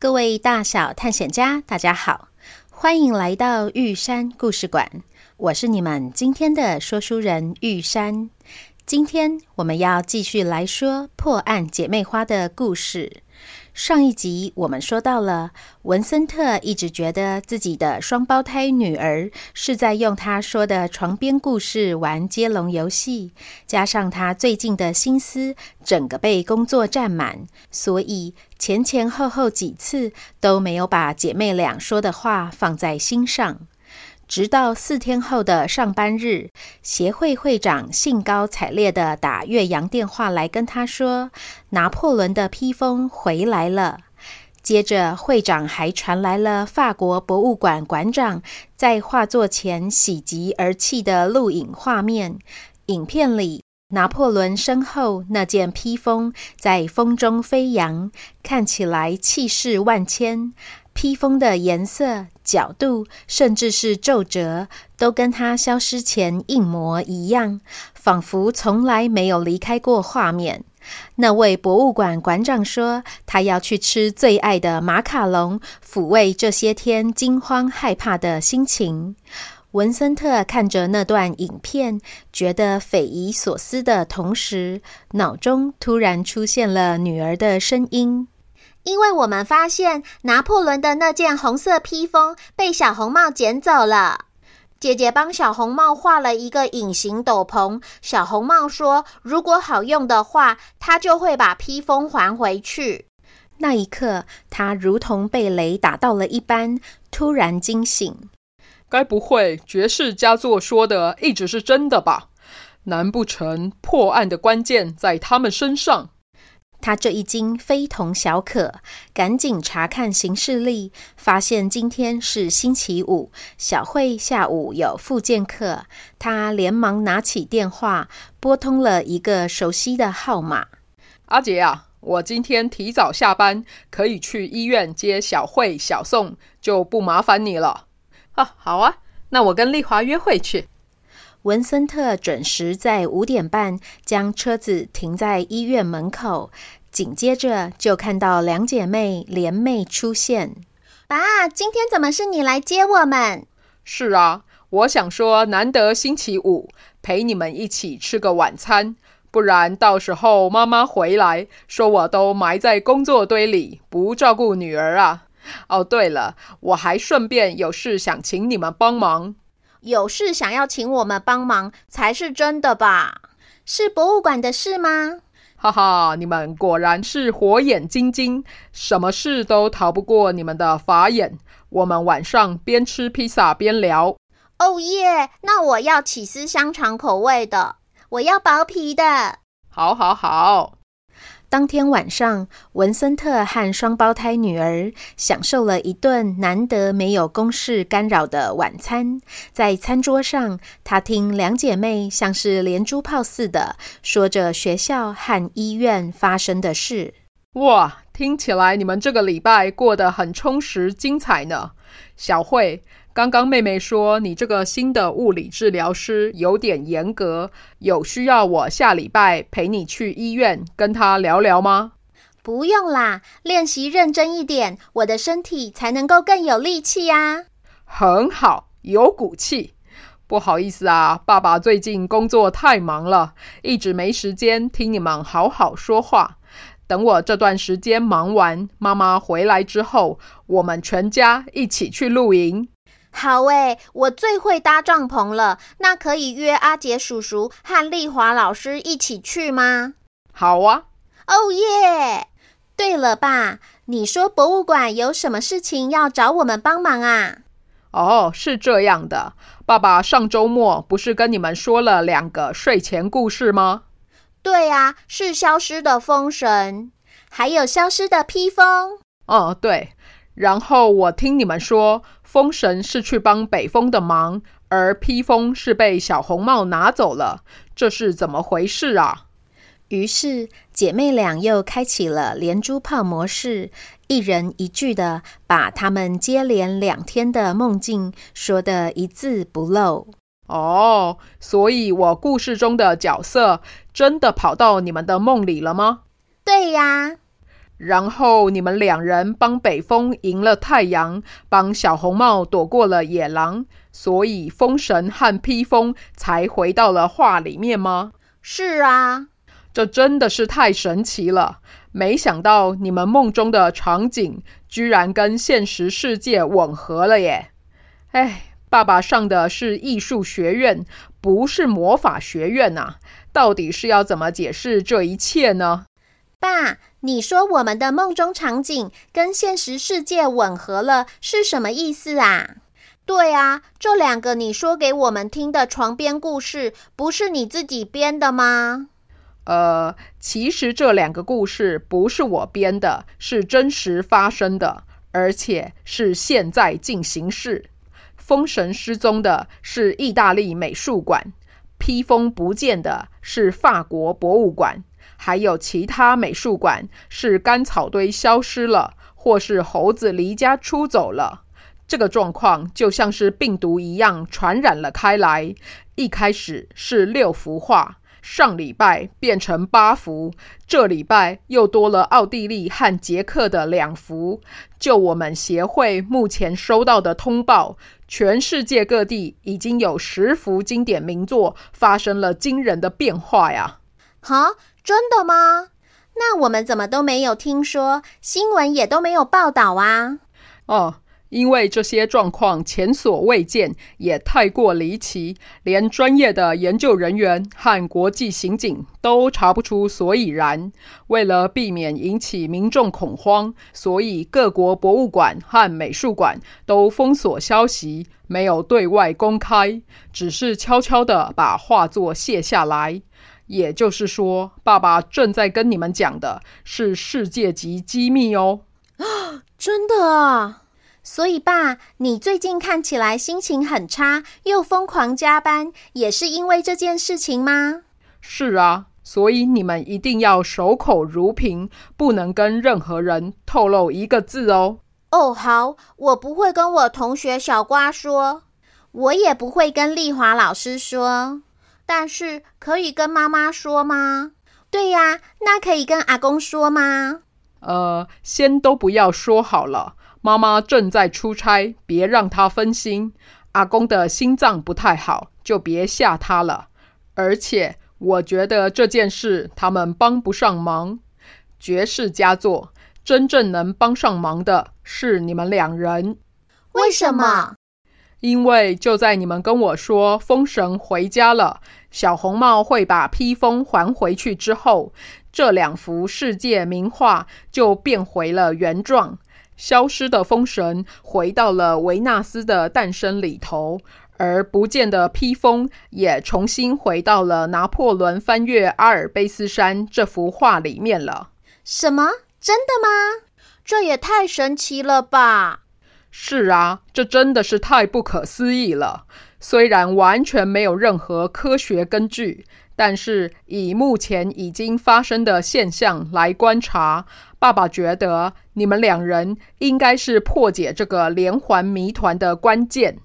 各位大小探險家，大家好，歡迎來到玉山故事館。我是你們今天的說書人玉山，今天我們要繼續來說破案姐妹花的故事。上一集我們說到了，文森特一直覺得自己的雙胞胎女兒是在用他說的床邊故事玩接龍遊戲，加上他最近的心思整個被工作佔滿，所以前前後後幾次都沒有把姐妹倆說的話放在心上。直到四天後的上班日，協會會長興高采烈地打越洋電話來跟他說：“拿破崙的披風回來了。”接着，會長還傳來了法國博物館館長在畫作前喜極而泣的錄影畫面。影片裡，拿破崙身後那件披風在風中飛揚，看起來氣勢萬千。披風的顏色、角度，甚至是皺褶，都跟他消失前一模一樣，仿佛從來沒有離開過畫面。那位博物館館長說：“他要去吃最愛的馬卡龍，撫慰這些天驚慌害怕的心情。”文森特看着那段影片，覺得匪夷所思的同時，腦中突然出現了女兒的聲音。因為我們發現拿破崙的那件紅色披風被小紅帽撿走了。姐姐幫小紅帽畫了一個隱形斗篷。小紅帽說：“如果好用的話，他就會把披風還回去。”那一刻，他如同被雷打到了一般，突然驚醒。該不會，絕世佳作說的一直是真的吧？難不成破案的關鍵在他們身上？他這一驚非同小可，趕緊查看行事曆，發現今天是星期五，小慧下午有復健課。他連忙拿起電話，撥通了一個熟悉的號碼：“阿傑啊，我今天提早下班，可以去醫院接小慧、小宋，就不麻煩你了。”“啊，好啊，那我跟麗華約會去。”文森特準時在五點半將車子停在醫院門口，緊接着就看到兩姐妹聯袂出現。爸，今天怎麼是你來接我們？是啊，我想說，難得星期五陪你們一起吃個晚餐，不然到時候媽媽回來說我都埋在工作堆裡，不照顧女兒啊。哦，對了，我還順便有事想請你們幫忙。有事想要請我們幫忙，才是真的吧？是博物館的事嗎？哈哈，你們果然是火眼金睛，什麼事都逃不過你們的法眼。我們晚上邊吃披薩邊聊。哦耶，那我要起司香腸口味的，我要薄皮的。好，好，好，好，好。當天晚上，文森特和雙胞胎女兒享受了一頓難得沒有公事干擾的晚餐。在餐桌上，他聽兩姐妹像是連珠炮似的說着學校和醫院發生的事。哇，聽起來你們這個禮拜過得很充實、精彩呢，小慧。剛剛妹妹說：“你這個新的物理治療師有點嚴格，有需要我下禮拜陪你去醫院跟他聊聊嗎？”“不用啦，練習認真一點，我的身體才能夠更有力氣呀。”“很好，有骨氣。”“不好意思啊，爸爸最近工作太忙了，一直沒時間聽你們好好說話。等我這段時間忙完，媽媽回來之後，我們全家一起去露營。”好耶，我最會搭帳篷了，那可以約阿杰叔叔和麗華老師一起去嗎？好啊，哦耶！對了，爸，你說博物館有什麼事情要找我們幫忙啊？哦，oh, 是這樣的，爸爸上週末不是跟你們說了兩個睡前故事嗎？對啊，是消失的風神，還有消失的披風。哦，oh, 對。然後我聽你們說，風神是去幫北風的忙，而披風是被小紅帽拿走了，這是怎麼回事啊？於是姐妹倆又開啟了連珠炮模式，一人一句的把他們接連兩天的夢境說得一字不漏。哦，所以我故事中的角色真的跑到你們的夢裡了嗎？對呀。然後你們兩人幫北風贏了太陽，幫小紅帽躲過了野狼，所以風神和披風才回到了畫裡面嗎？是啊，這真的是太神奇了！沒想到你們夢中的場景居然跟現實世界吻合了耶！哎，爸爸上的是藝術學院，不是魔法學院吶、啊，到底是要怎麼解釋這一切呢？爸。你說我們的夢中場景跟現實世界吻合了是什麼意思啊？對啊，這兩個你說給我們聽的床邊故事不是你自己編的嗎？呃，其實這兩個故事不是我編的，是真實發生的，而且是現在進行式。風神失蹤的是意大利美術館，披風不見的是法國博物館。還有其他美術館是乾草堆消失了，或是猴子離家出走了。這個狀況就像是病毒一樣傳染了開來。一開始是六幅畫，上禮拜變成八幅，這禮拜又多了奧地利和捷克的兩幅。就我們協會目前收到的通報，全世界各地已經有十幅經典名作發生了驚人的變化呀！哈！Huh? 真的嗎？那我們怎麼都沒有聽說，新聞也都沒有報道啊？哦，因為這些狀況前所未見，也太過離奇，連專業的研究人員和國際刑警都查不出所以然。為了避免引起民眾恐慌，所以各國博物館和美術館都封鎖消息，沒有對外公開，只是悄悄地把畫作卸下來。也就是說，爸爸正在跟你們講的是世界級機密哦。啊，真的啊！所以爸，你最近看起來心情很差，又瘋狂加班，也是因為這件事情嗎？是啊，所以你們一定要守口如瓶，不能跟任何人透露一個字哦。哦，好，我不會跟我同學小瓜說，我也不會跟麗華老師說。但是可以跟媽媽說嗎？對呀，那可以跟阿公說嗎？呃，先都不要說好了。媽媽正在出差，別讓她分心。阿公的心臟不太好，就別嚇她了。而且我覺得這件事他們幫不上忙。絕世佳作，真正能幫上忙的是你們兩人。為什麼？因為就在你們跟我說風神回家了，小紅帽會把披風還回去之後，這兩幅世界名畫就變回了原狀，消失的風神回到了維納斯的誕生裡頭，而不見的披風也重新回到了拿破崙翻越阿爾卑斯山這幅畫裡面了。什麼？真的嗎？這也太神奇了吧！是啊，這真的是太不可思議了。雖然完全沒有任何科學根據，但是以目前已經發生的現象來觀察，爸爸覺得你們兩人應該是破解這個連環謎團的關鍵。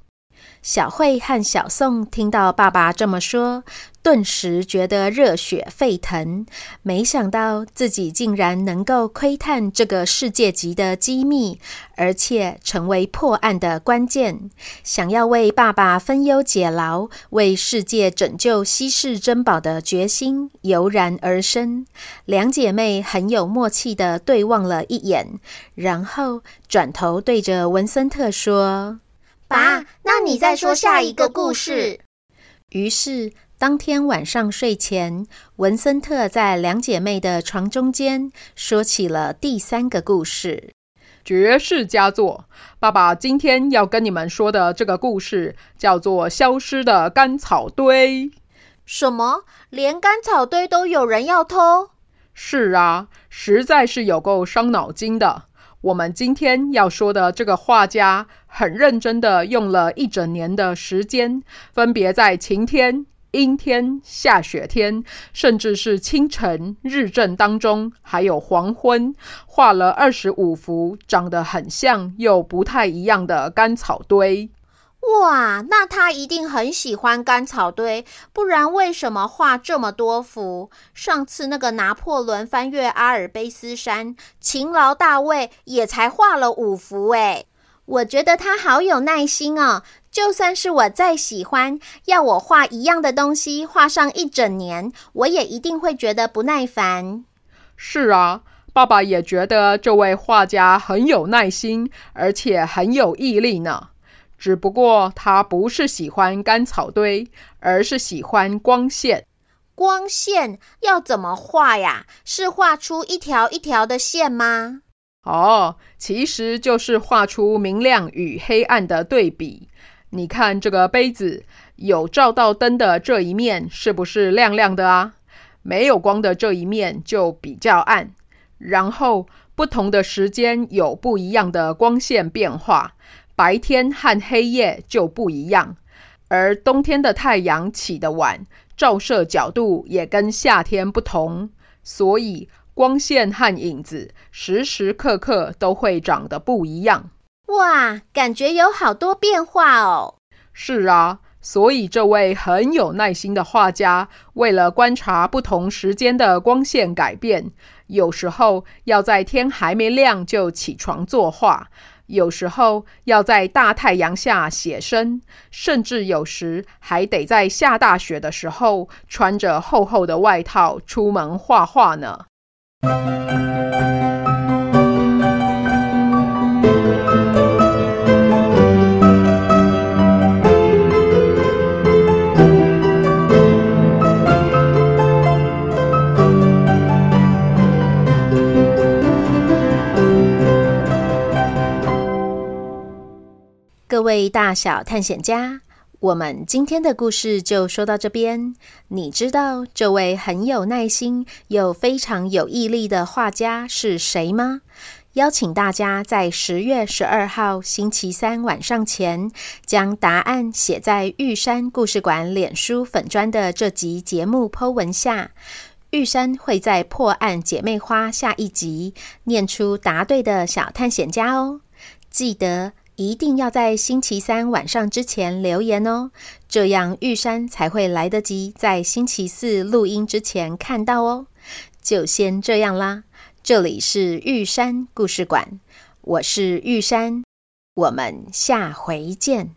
小慧和小宋聽到爸爸這麼說，頓時覺得熱血沸騰。沒想到自己竟然能夠窺探這個世界級的機密，而且成為破案的關鍵，想要為爸爸分憂解勞，為世界拯救稀世珍寶的決心油然而生。兩姐妹很有默契地對望了一眼，然後轉頭對着文森特說。爸，那你再說下一個故事。於是，當天晚上睡前，文森特在兩姐妹的床中間說起了第三個故事——絕世佳作。爸爸今天要跟你們說的這個故事叫做《消失的乾草堆》。什麼？連乾草堆都有人要偷？是啊，實在是有夠傷腦筋的。我們今天要說的這個畫家，很認真地用了一整年的時間，分別在晴天、陰天、下雪天，甚至是清晨、日正當中，還有黃昏，畫了二十五幅長得很像又不太一樣的乾草堆。哇，那他一定很喜歡乾草堆，不然為什麼畫這麼多幅？上次那個拿破崙翻越阿爾卑斯山，勤勞大衛也才畫了五幅哎。我覺得他好有耐心哦，就算是我再喜歡，要我畫一樣的東西畫上一整年，我也一定會覺得不耐煩。是啊，爸爸也覺得這位畫家很有耐心，而且很有毅力呢。只不過他不是喜歡乾草堆，而是喜歡光線。光線要怎麼畫呀？是畫出一條一條的線嗎？哦，oh, 其實就是畫出明亮與黑暗的對比。你看這個杯子，有照到燈的這一面是不是亮亮的啊？沒有光的這一面就比較暗。然後不同的時間有不一樣的光線變化。白天和黑夜就不一樣，而冬天的太陽起得晚，照射角度也跟夏天不同，所以光線和影子時時刻刻都會長得不一樣。哇，感覺有好多變化哦！是啊，所以這位很有耐心的畫家，為了觀察不同時間的光線改變。有時候要在天還沒亮就起床作畫，有時候要在大太陽下寫生，甚至有時還得在下大雪的時候穿着厚厚的外套出門畫畫呢。位大小探險家，我們今天的故事就說到這邊。你知道這位很有耐心又非常有毅力的畫家是誰嗎？邀請大家在十月十二號星期三晚上前，將答案寫在玉山故事館臉書粉專的這集節目 po 文下。玉山會在破案姐妹花下一集念出答對的小探險家哦。記得，一定要在星期三晚上之前留言哦，這樣玉山才會來得及在星期四錄音之前看到哦。就先這樣啦，這裡是玉山故事館，我是玉山，我們下回見。